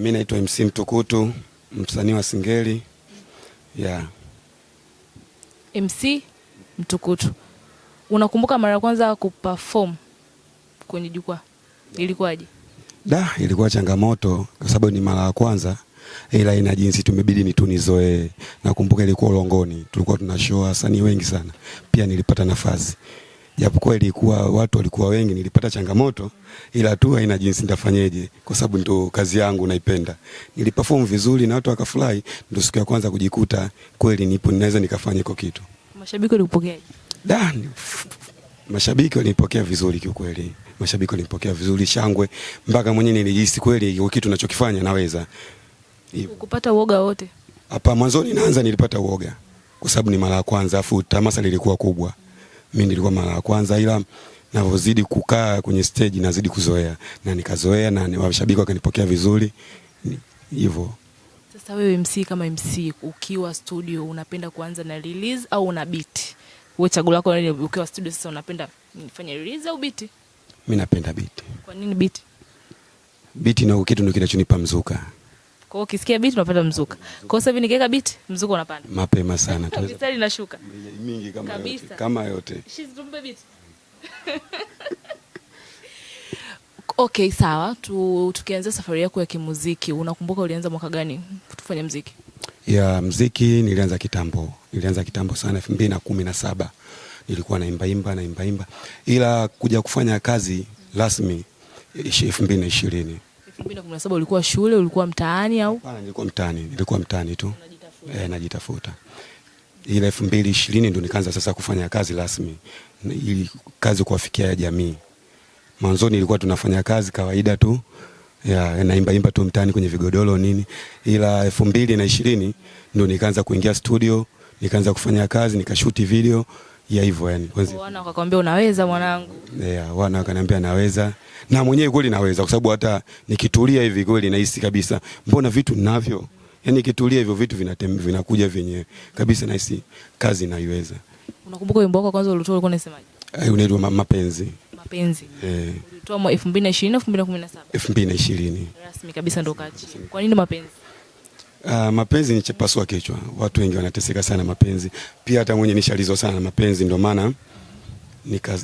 Mi naitwa MC Mtukutu, msanii wa Singeli ya yeah. MC Mtukutu, unakumbuka mara ya kwanza kuperform kwenye jukwaa ilikuwaje? Da, ilikuwa changamoto kwa sababu ni mara ya kwanza, ila ina jinsi tumebidi ni tunizoee. Nakumbuka ilikuwa Ulongoni, tulikuwa tunashoa wasanii wengi sana, pia nilipata nafasi japokuwa ilikuwa watu walikuwa wengi, nilipata changamoto, ila tu haina jinsi, nitafanyeje? Kwa sababu ndo kazi yangu naipenda. Niliperform vizuri na watu wakafurahi, ndo siku ya kwanza kujikuta kweli nipo ninaweza nikafanya iko kitu. Mashabiki walipokeaje? Da, mashabiki walinipokea vizuri kiukweli, mashabiki walinipokea vizuri, shangwe mpaka mwenyewe nilijisi kweli hiko kitu ninachokifanya naweza. Kupata uoga wote? Hapa mwanzoni naanza nilipata uoga kwa sababu ni mara ya kwanza, afu tamasa lilikuwa kubwa mimi nilikuwa mara ya kwanza, ila navyozidi kukaa kwenye stage nazidi kuzoea na nikazoea, na washabiki wakanipokea vizuri hivyo. Sasa wewe MC, kama MC ukiwa studio unapenda kuanza na release au una beat? Wewe chaguo lako ni ukiwa studio sasa unapenda nifanye release au beat? Mimi napenda beat. Kwa nini beat? Beat ni kitu ndio kinachonipa mzuka. Kwa hiyo ukisikia beat unapata mzuka. Kwa sababu nikiweka beat mzuka unapanda. Mapema sana. Mistari inashuka. Mingi kama kabisa. Yote. Kama yote. Shizi tumbe beat. Okay, sawa. Tu, tukianza safari yako ya kimuziki, unakumbuka ulianza mwaka gani kufanya muziki? Ya muziki nilianza kitambo. Nilianza kitambo sana 2017. Nilikuwa naimba imba naimba imba. Ila kuja kufanya kazi rasmi 2020. 2017 ulikuwa shule, ulikuwa mtaani au? Hapana, nilikuwa mtaani, nilikuwa mtaani tu. Eh, najitafuta. Ile 2020 ndio nikaanza sasa kufanya kazi rasmi. Ili kazi kuwafikia jamii. Mwanzoni ilikuwa tunafanya kazi kawaida tu. Ya, naimba imba tu mtaani kwenye vigodoro nini. Ila 2020 ndio nikaanza kuingia studio, nikaanza kufanya kazi, nikashuti video ya hivyo yani. Kwanza wakakwambia unaweza mwanangu yeah, wana wakaniambia naweza na mwenyewe kweli naweza, kwa sababu hata nikitulia hivi kweli nahisi kabisa, mbona vitu ninavyo, yani nikitulia hivyo vitu vinatembea vinakuja vyenyewe kabisa, nahisi kazi naiweza. Unakumbuka wimbo wako kwanza ulitoa ulikuwa unasemaje? Eh, unaitwa mapenzi mapenzi. Eh, ulitoa mwaka 2020 2017 2020 rasmi kabisa ndo kachi. Kwa nini mapenzi? Uh, mapenzi ni chepasua kichwa, watu wengi wanateseka sana mapenzi, pia hata mwenye nishalizo sana mapenzi, ndio maana mm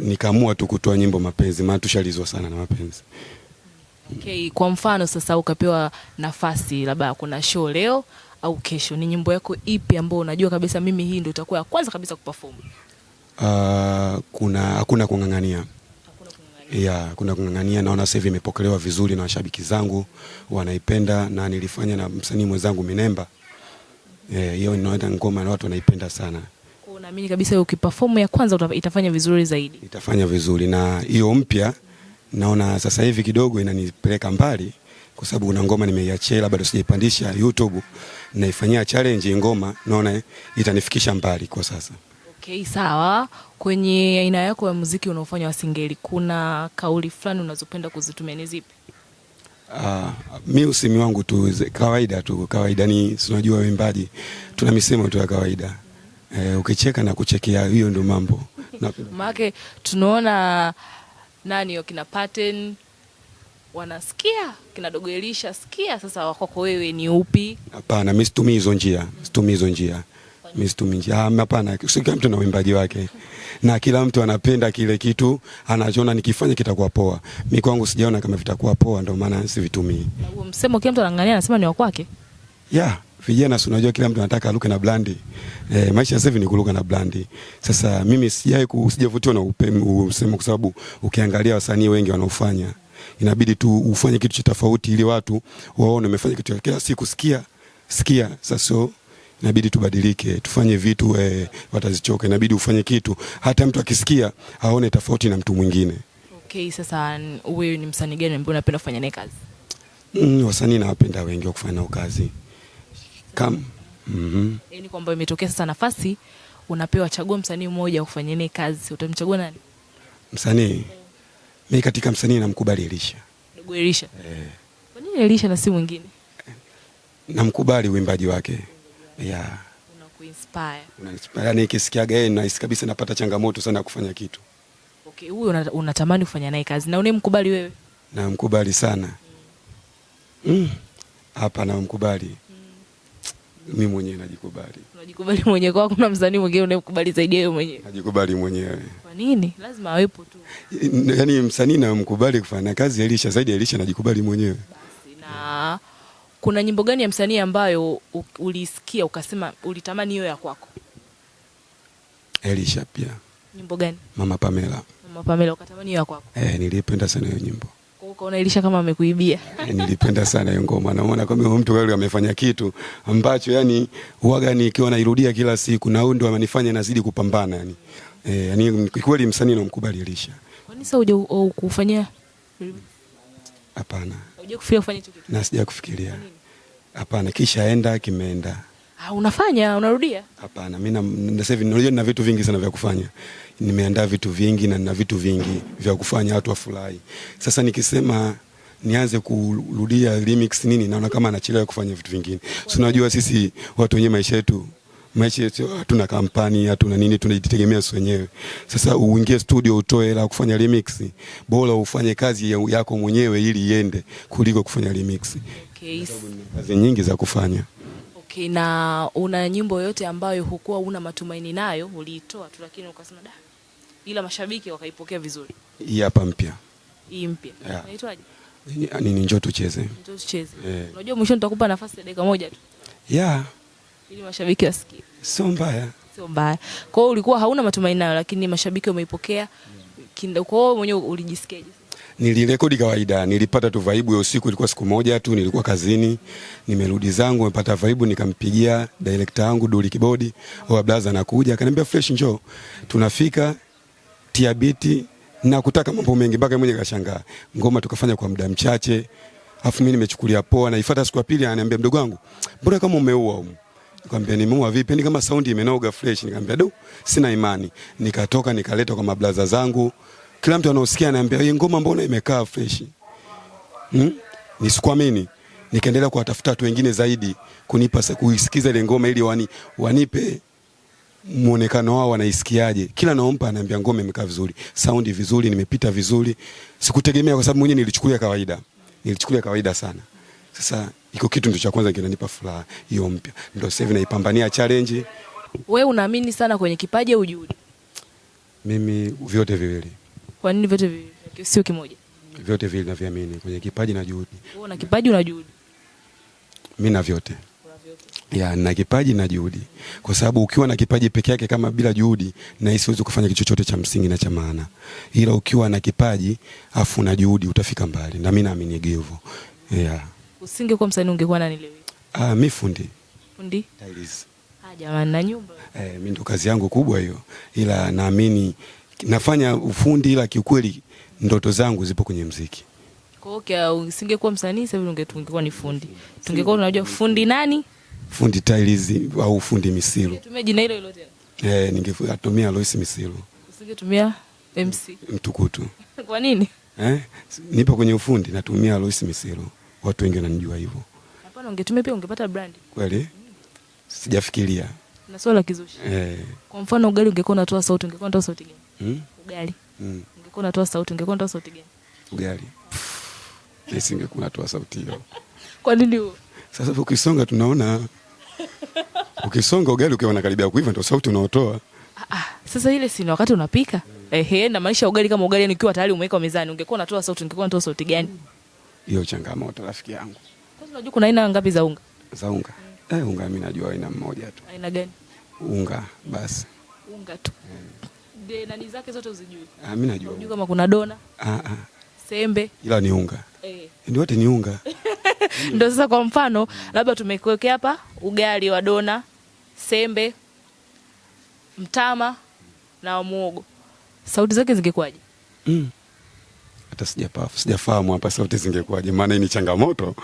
nikaamua nika tu kutoa nyimbo mapenzi, maana tushalizwa sana na mapenzi. Okay, kwa mfano sasa ukapewa nafasi labda kuna show leo au kesho, ni nyimbo yako ipi ambayo unajua kabisa mimi hii ndio itakuwa ya kwanza kabisa kuperform? Uh, kuna hakuna kung'ang'ania ya kuna kung'ang'ania. Naona sasa hivi imepokelewa vizuri na washabiki zangu, wanaipenda na nilifanya na msanii mwenzangu Minemba eh, hiyo, yeah, inaenda ngoma na watu wanaipenda sana. Naamini kabisa ukiperform ya kwanza itafanya vizuri zaidi, itafanya vizuri na hiyo mpya. Naona sasa hivi kidogo inanipeleka mbali, kwa sababu kuna ngoma nimeiachela bado sijaipandisha YouTube, naifanyia challenge ngoma, naona itanifikisha mbali kwa sasa. Okay, sawa. Kwenye aina yako ya muziki unaofanya wa singeli, kuna kauli fulani unazopenda kuzitumia, ni zipi? Uh, mi usemi wangu tu kawaida tu kawaida, ni si unajua waimbaji tuna misemo tu ya kawaida E, ukicheka na kuchekea, hiyo ndio mambo. na... Make tunaona nani yo kina pattern wanasikia kinadogelisha sikia. Sasa wakwako wewe ni upi? Hapana, mimi situmii hizo njia, situmii hizo njia, mimi situmii njia. Ah, hapana, kila mtu na uimbaji wake na kila mtu anapenda kile kitu anachoona nikifanya kitakuwa poa. Mimi kwangu sijaona kama vitakuwa poa, ndio maana sivitumii. Huo Msemo kila mtu anang'ania anasema ni wa kwake, yeah vijana si unajua kila mtu anataka aluke na blandi. E, maisha sasa hivi ni kuluka na blandi. Sasa mimi sijai kusijavutiwa na usemo kwa sababu ukiangalia wasanii wengi wanaofanya inabidi tu ufanye kitu cha tofauti ili watu waone umefanya kitu kila siku sikia sikia sasa so, inabidi tubadilike tufanye vitu e, watazichoka inabidi ufanye kitu hata mtu akisikia aone tofauti na mtu mwingine okay sasa wewe ni msanii gani ambaye unapenda kufanya naye kazi mm, wasanii nawapenda wengi wa kufanya nao kazi Kam. Mm mm-hmm. -hmm. Yaani kwamba imetokea sasa nafasi unapewa chaguo msanii mmoja ufanye naye kazi, utamchagua nani? Msanii. Mimi katika msanii namkubali Elisha. Ndugu Elisha. Eh. Kwa nini Elisha na si mwingine? Namkubali uimbaji wake. Yeah. Unakuinspire. Unainspire. Yaani nikisikiaga yeye nahisi kabisa napata changamoto sana ya kufanya kitu. Okay, huyu unatamani kufanya naye kazi na unemkubali wewe? Namkubali sana. Mm. Hapa namkubali mi mwenyewe najikubali. Unajikubali mwenyewe kwa kuna msanii mwingine unayekubali zaidi yeye mwenyewe? Najikubali mwenyewe. Kwa nini? Lazima awepo tu. Yaani msanii namkubali kufanya kazi Elisha, zaidi Elisha najikubali mwenyewe. Basi na kuna nyimbo gani ya msanii ambayo ulisikia ukasema ulitamani hiyo ya kwako? Elisha pia. Nyimbo gani? Mama Pamela. Mama Pamela ukatamani hiyo ya kwako? Eh, nilipenda sana hiyo nyimbo yako unailisha kama amekuibia. Nilipenda sana hiyo ngoma, naona kama huyu mtu leo amefanya kitu ambacho yani huaga nikiwa nairudia kila siku, na huyu ndio amenifanya nazidi kupambana yani. Eh, yani kweli msanii namkubali Elisha. Kwa nini sasa uje Hapana. Uje kufikiria kufanya kitu. Na kufikiria. Hapana, kisha enda kimeenda. Ah, unafanya unarudia? Hapana, mimi na sasa hivi unajua nina vitu vingi sana vya kufanya. Nimeandaa vitu vingi na nina vitu vingi vya kufanya watu wafurahi. Sasa nikisema nianze kurudia remix nini, naona kama anachelewa kufanya vitu vingine. Si unajua sisi watu wenyewe maisha yetu maisha yetu hatuna kampani, hatuna nini, tunajitegemea sisi wenyewe. Sasa uingie studio utoe hela kufanya remix, bora ufanye kazi yako mwenyewe ili iende kuliko kufanya remix. Okay. Kazi nyingi za kufanya. Okay, na una nyimbo yote ambayo hukuwa una matumaini nayo uliitoa tu, lakini ukasema da, ila mashabiki wakaipokea vizuri. Hii hapa mpya, hii mpya yeah. Inaitwaje? Nini? Njoo tucheze, njoo tucheze. Yeah. Unajua mwisho nitakupa nafasi ya dakika moja tu yeah, ili mashabiki wasikie. Sio mbaya, sio mbaya. Kwa hiyo ulikuwa hauna matumaini nayo, lakini mashabiki wameipokea. Kwa hiyo mwenyewe ulijisikiaje? nilirekodi kawaida, nilipata tu vaibu ya usiku, ilikuwa siku moja tu, nilikuwa kazini, nimerudi zangu, nimepata vaibu, nikampigia director wangu Duli Kibodi, au oh, blaza anakuja, akaniambia fresh, njoo. Tunafika tia biti na kutaka mambo mengi, mpaka mwenye kashangaa. Ngoma tukafanya kwa muda mchache, afu mimi nimechukulia poa, naifuata siku ya pili, ananiambia mdogo wangu, mbona kama umeua huko Nikamwambia nimeua vipi? Ni kama saundi imenoga fresh. Nikamwambia do, sina imani. Nikatoka nikaleta kwa mablaza zangu kila mtu anaosikia anaambia hii ngoma mbona imekaa fresh. Hmm? Nisikuamini. Nikaendelea kuwatafuta watu wengine zaidi kunipa kuisikiza ile ngoma ili wani, wanipe muonekano wao wanaisikiaje. Kila naompa anaambia ngoma imekaa vizuri, sound vizuri, nimepita vizuri. Sikutegemea kwa sababu mwenyewe nilichukulia kawaida. Nilichukulia kawaida sana. Sasa iko kitu ndio cha kwanza kinanipa furaha hiyo mpya. Ndio sasa hivi naipambania challenge. Wewe unaamini sana kwenye kipaji au juhudi? Mimi vyote viwili. Kwa nini vyote viwili sio kimoja? Vyote vile naviamini kwenye kipaji na juhudi. Wewe una kipaji una juhudi? Mimi na vyote ya na kipaji na juhudi, kwa sababu ukiwa na kipaji peke yake kama bila juhudi, na isiwezi kufanya kitu chochote cha msingi na cha maana, ila ukiwa na kipaji afu na juhudi utafika mbali, na mimi naamini hivyo. Ya usinge Usingekuwa msanii ungekuwa nani leo? Ah, mi fundi. Fundi? Tiles. Ah, jamani na nyumba. Eh, mimi ndo kazi yangu kubwa hiyo, ila naamini nafanya ufundi, ila kiukweli ndoto zangu zipo kwenye mziki. Kwa hiyo uh, usingekuwa msanii sasa hivi ungekuwa ni fundi, tungekuwa tunajua fundi nani, fundi tiles au fundi misilu. Tumia jina hilo hilo tena eh, ningetumia Lois Misilu, usingetumia MC Mtukutu. Kwa nini? Eh, nipo kwenye ufundi natumia Lois Misilu, watu wengi wananijua hivyo. Hapana, ungetumia pia ungepata brand kweli. Mm. Sijafikiria na swala kizushi eh. Kwa mfano ugali ungekuwa unatoa sauti, ungekuwa unatoa sauti gani? Hmm? Ugali. Hmm. Ungekuwa unatoa sauti, ungekuwa unatoa sauti gani? Ugali. Nisingekuwa natoa sauti hiyo. Kwa nini huo? Sasa ukisonga tunaona. Ukisonga ugali ukiwa unakaribia kuiva ndio sauti unaotoa. Ah, ah. sasa ile si wakati unapika? Ehe, na maisha ugali kama ugali yani ukiwa tayari umeweka mezani, ungekuwa unatoa sauti, ungekuwa unatoa sauti gani? Hiyo changamoto rafiki yangu. Kwani unajua kuna aina ngapi za unga? Za unga. Eh, unga mimi najua aina mmoja tu. Aina gani? Unga basi. Unga tu. Mm de nani zake zote uzijui? Ah, mimi najua. Unajua kama kuna dona? Ah ah. Sembe. Ila ni unga. Eh. Ndio wote ni unga. Ndio sasa kwa mfano labda tumekuwekea hapa ugali wa dona, sembe, mtama na muogo. Sauti zake zingekuwaje? Mm. Hata sijapafu, sijafahamu hapa sauti zingekuwaje, maana hii ni changamoto.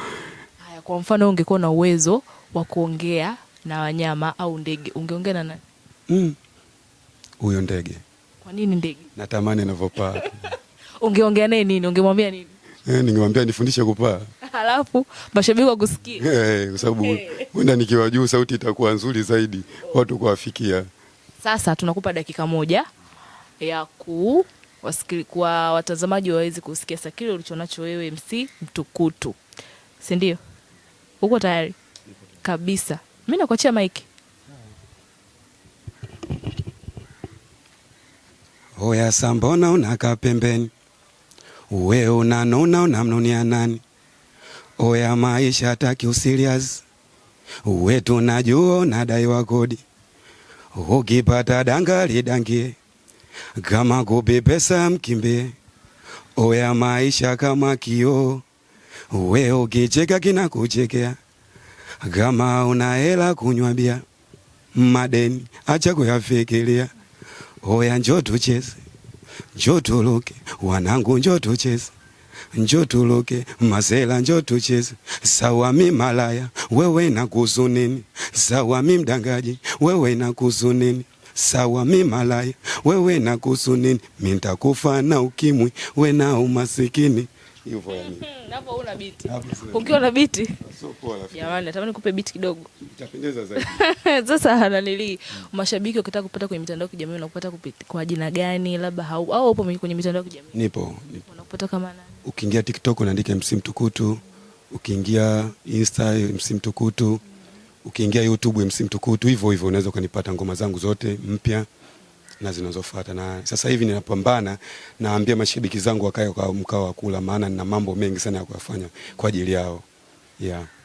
Haya, kwa mfano ungekuwa na uwezo wa kuongea na wanyama au ndege, ungeongea na nani? Mm. Huyo ndege kwa nini ndege? Natamani anavyopaa. Ungeongea naye nini? Ungemwambia nini? Eh, ningemwambia nifundishe kupaa. Halafu mashabiki wakusikia. Eh, eh kwa sababu hey, eh. nikiwa juu sauti itakuwa nzuri zaidi watu kuwafikia. Sasa tunakupa dakika moja ya ku wasikili, kwa watazamaji waweze kusikia sasa kile ulichonacho wewe MC Mtukutu, si ndio? Uko tayari kabisa? Mimi nakuachia mike. Oya sambona unaka pembeni, uwe unanuna unamnunia nani? Oya maisha hataki usirias, uwe tunajua unadaiwa kodi, ukipata danga lidangie, kama kupi pesa mkimbie. Oya maisha kama kio, uwe ukicheka kinakuchekea, kama una hela kunywa bia, madeni acha kuyafikiria Oya, njoo tucheze, njoo turuke, wanangu, njoo tucheze, njoo turuke, mazela, njoo tucheze. Sawa mi malaya, wewe na kuzu nini? Sawa mi mdangaji, wewe na kuzu nini? Sawa mi malaya, wewe na kuzu nini? Mintakufa na ukimwi, we na umasikini hivyo yani. Hapo una biti. Ukiwa na biti? Sio poa rafiki. Jamani, natamani kupe biti kidogo. Itapendeza zaidi. Sasa hananili mashabiki wakitaka kupata kwenye mitandao ya kijamii unakupata kwa jina gani? Labda au au upo kwenye mitandao ya kijamii? Nipo. Nipo. Unakupata kama nani? Ukiingia TikTok unaandika MC Mtukutu, ukiingia Insta MC Mtukutu, ukiingia YouTube MC Mtukutu, hivyo hivyo unaweza ukanipata ngoma zangu zote mpya na zinazofuata. Na sasa hivi ninapambana, naambia mashabiki zangu wakae kwa mkao wa kula, maana nina mambo mengi sana ya kuyafanya kwa ajili yao yeah.